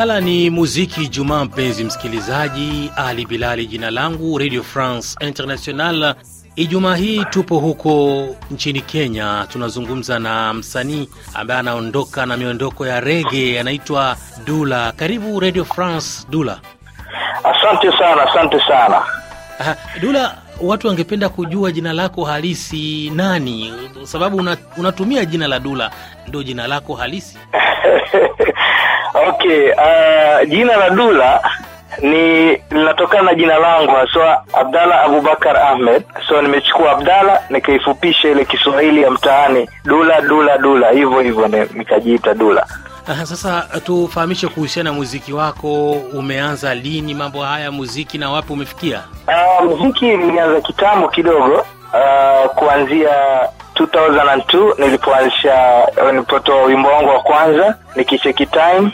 Makala ni muziki Jumaa. Mpenzi msikilizaji, Ali Bilali jina langu, Radio France International. Ijumaa hii tupo huko nchini Kenya, tunazungumza na msanii ambaye anaondoka na miondoko ya rege, anaitwa Dula. Karibu Radio France Dula. Asante sana, asante sana. Dula, watu wangependa kujua jina lako halisi nani, sababu unatumia jina la Dula, ndio jina lako halisi? Okay, uh, jina la Dula ni linatokana na jina langu haswa Abdalla Abubakar Ahmed. So nimechukua Abdalla nikaifupisha ile Kiswahili ya mtaani Dula Dula Dula, hivyo hivyo nikajiita Dula. Aha, sasa uh, tufahamishe kuhusiana na muziki wako, umeanza lini mambo haya muziki na wapi umefikia? Uh, muziki nilianza kitambo kidogo, uh, kuanzia 2002 nilipoanzisha uh, nilipotoa wimbo wangu wa kwanza nikicheki time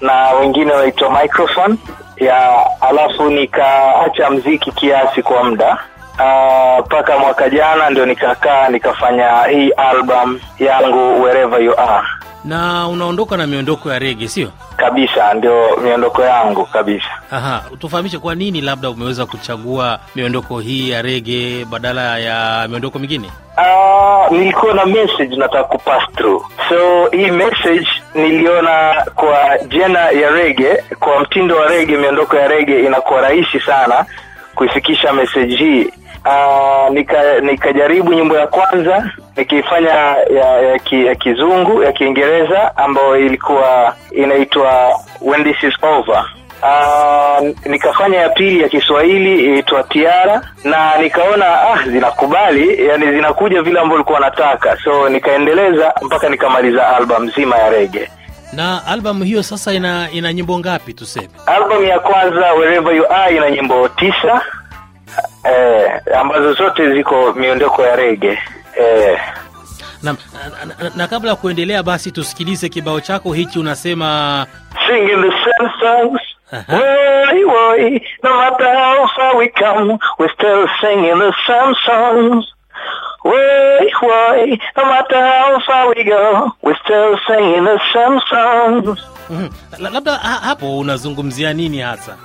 na wengine wanaitwa microphone ya alafu nikaacha mziki kiasi kwa muda ah, mpaka uh, mwaka jana ndio nikakaa nikafanya hii album yangu wherever you are na unaondoka na miondoko ya rege sio kabisa ndio miondoko yangu kabisa Aha, tufahamishe kwa nini labda umeweza kuchagua miondoko hii ya rege badala ya miondoko mingine uh, nilikuwa na message nataka kupass through so hii message niliona kwa jena ya rege kwa mtindo wa rege miondoko ya rege inakuwa rahisi sana kuifikisha meseji hii Uh, nikajaribu nika nyimbo ya kwanza nikiifanya ya, ya, ki, ya kizungu ya kiingereza ambayo ilikuwa inaitwa when this is over uh, nikafanya ya pili ya kiswahili iitwa tiara na nikaona ah zinakubali yani zinakuja vile ambayo ulikuwa nataka so nikaendeleza mpaka nikamaliza albam nzima ya rege na albamu hiyo sasa ina ina nyimbo ngapi? Tuseme albamu ya kwanza Wherever You Are ina nyimbo tisa eh, ambazo zote ziko miondoko ya rege eh. Na, na, na, na kabla ya kuendelea basi tusikilize kibao chako hichi, unasema Sing no Way, way, no matter how far we go, we're still singing the same songs. Mm-hmm. Labda hapo unazungumzia nini hasa?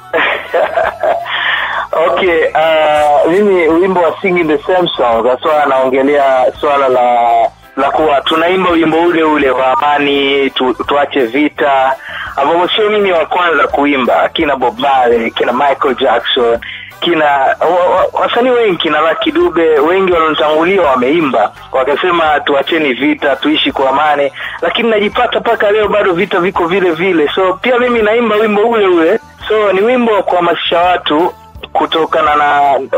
Okay, uh, mimi wimbo wa singing the same songs haswa anaongelea swala la la kuwa tunaimba wimbo ule ule wa amani tu, tuache vita ambapo sio mimi wa kwanza kuimba kina Bob Marley, kina Michael Jackson kina wasanii wengi kina Lucky Dube, wengi walionitangulia wameimba wakasema tuacheni vita, tuishi kwa amani, lakini najipata mpaka leo bado vita viko vile vile. So pia mimi naimba wimbo ule ule, so ni wimbo wa kuhamasisha watu kutokana na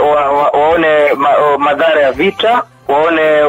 wa, wa, waone ma, wa, madhara ya vita waone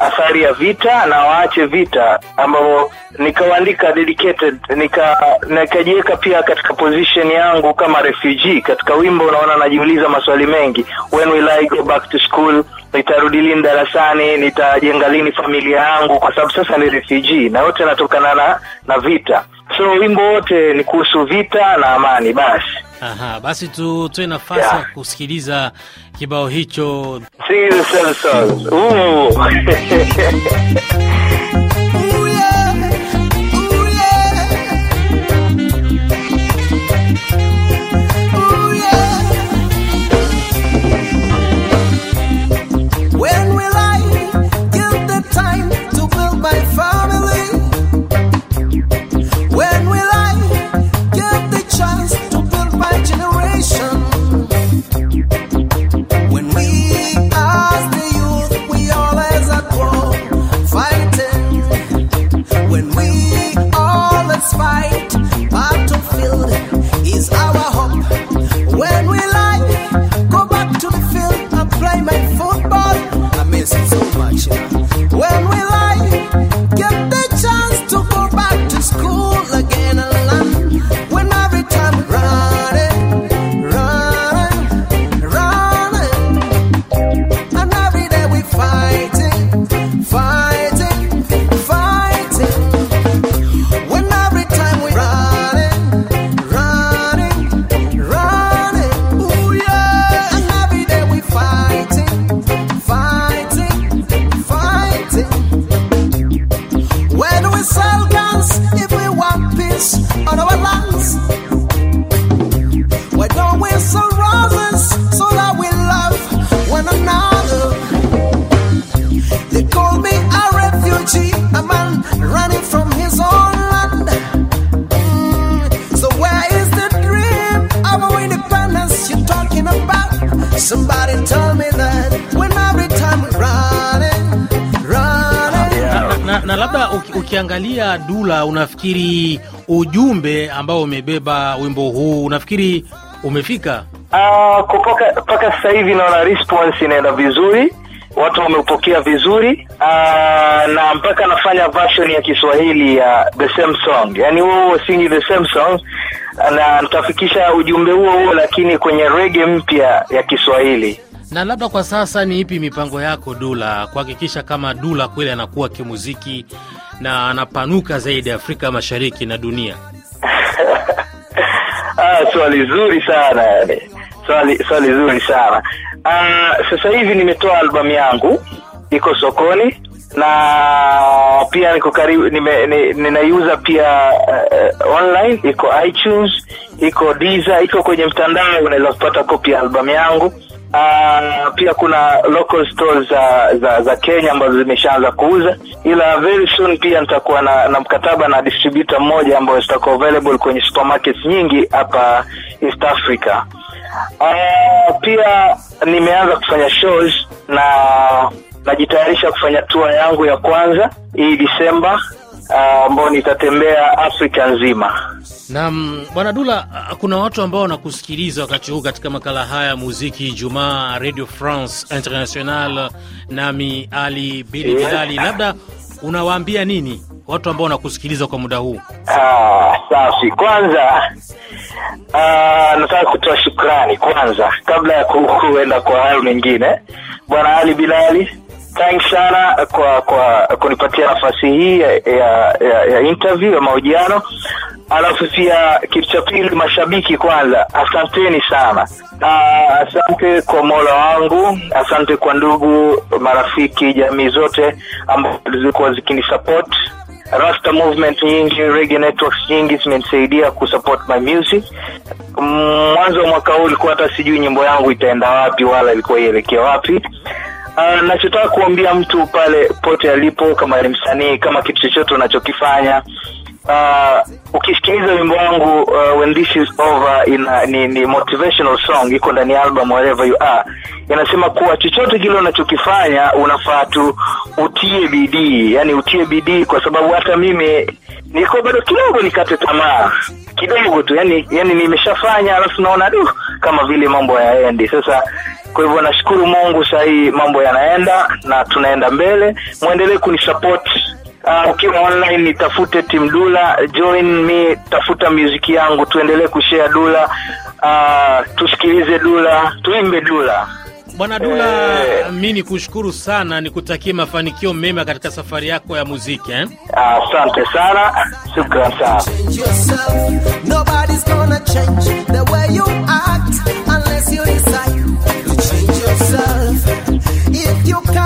athari ya vita na waache vita, ambapo nikawaandika dedicated nika nikajiweka pia katika position yangu kama refugee katika wimbo unaona najiuliza maswali mengi when will i go back to school nitarudi lini darasani nitajenga lini familia yangu kwa sababu sasa ni refugee na yote natokana na na vita so wimbo wote ni kuhusu vita na amani basi Aha, basi tutoe nafasi ya yeah. kusikiliza kibao hicho See the na labda uki, ukiangalia Dula, unafikiri ujumbe ambao umebeba wimbo huu unafikiri umefika? Uh, mpaka sasa hivi naona response inaenda vizuri, watu wameupokea vizuri uh, na mpaka nafanya version ya Kiswahili ya uh, the same song, yani huo huo singi the same song na nitafikisha ujumbe huo huo, lakini kwenye rege mpya ya Kiswahili. Na labda kwa sasa ni ipi mipango yako Dula, kuhakikisha kama Dula kweli anakuwa kimuziki na anapanuka zaidi Afrika Mashariki na dunia? Ah, swali zuri sana yani, swali swali zuri sana ah, sasa hivi nimetoa albamu yangu iko sokoni na pia niko karibu ni, ninaiuza pia uh, online iko iTunes iko diza iko kwenye mtandao unaweza kupata kopi ya albamu yangu Uh, pia kuna local stores za za, za Kenya ambazo zimeshaanza kuuza, ila very soon pia nitakuwa na, na mkataba na distributor mmoja ambayo zitakuwa available kwenye supermarkets nyingi hapa East Africa. Uh, pia nimeanza kufanya shows na najitayarisha kufanya tour yangu ya kwanza hii Disemba Ah, ambao uh, nitatembea Afrika nzima. nam Bwana Dula, ah, kuna watu ambao wanakusikiliza wakati huu katika makala haya muziki jumaa Radio France International, nami Ali Bili eh. Bilali, yeah. labda unawaambia nini watu ambao wanakusikiliza kwa muda huu? Ah, safi. Kwanza ah, nataka kutoa shukrani kwanza, kabla ya kuenda kwa hayo mengine, Bwana Ali Bilali thanks sana kwa kwa kunipatia nafasi hii ya, ya, ya, ya interview ya mahojiano alafu pia kitu cha pili mashabiki kwanza asanteni sana asante kwa mola wangu asante kwa ndugu marafiki jamii zote ambao zilikuwa zikinisupport rasta movement nyingi reggae networks nyingi zimenisaidia kusupport my music mwanzo wa mwaka huu ilikuwa hata sijui nyimbo yangu itaenda wapi wala ilikuwa ielekea wapi Eh, nachotaka kuambia mtu pale pote alipo kama ni msanii kama kitu chochote unachokifanya uh, ukisikiliza wimbo wangu uh, when this is over ina, ni, ni motivational song iko ndani ya album wherever you are inasema kuwa chochote kile unachokifanya unafaa tu utie bidii yani utie bidii kwa sababu hata mimi niko bado kidogo nikate tamaa kidogo tu yani yani nimeshafanya alafu naona du kama vile mambo hayaendi sasa kwa hivyo nashukuru Mungu, saa hii mambo yanaenda na tunaenda mbele, mwendelee kunisupport Uh, ukiwa online nitafute tim Dula, join me, tafuta muziki yangu, tuendelee kushare Dula, uh, tusikilize Dula, tuimbe Dula. Bwana Dula, eh, mi ni kushukuru sana, nikutakie mafanikio mema katika safari yako ya muziki eh? Asante uh, sana, shukran sana. If you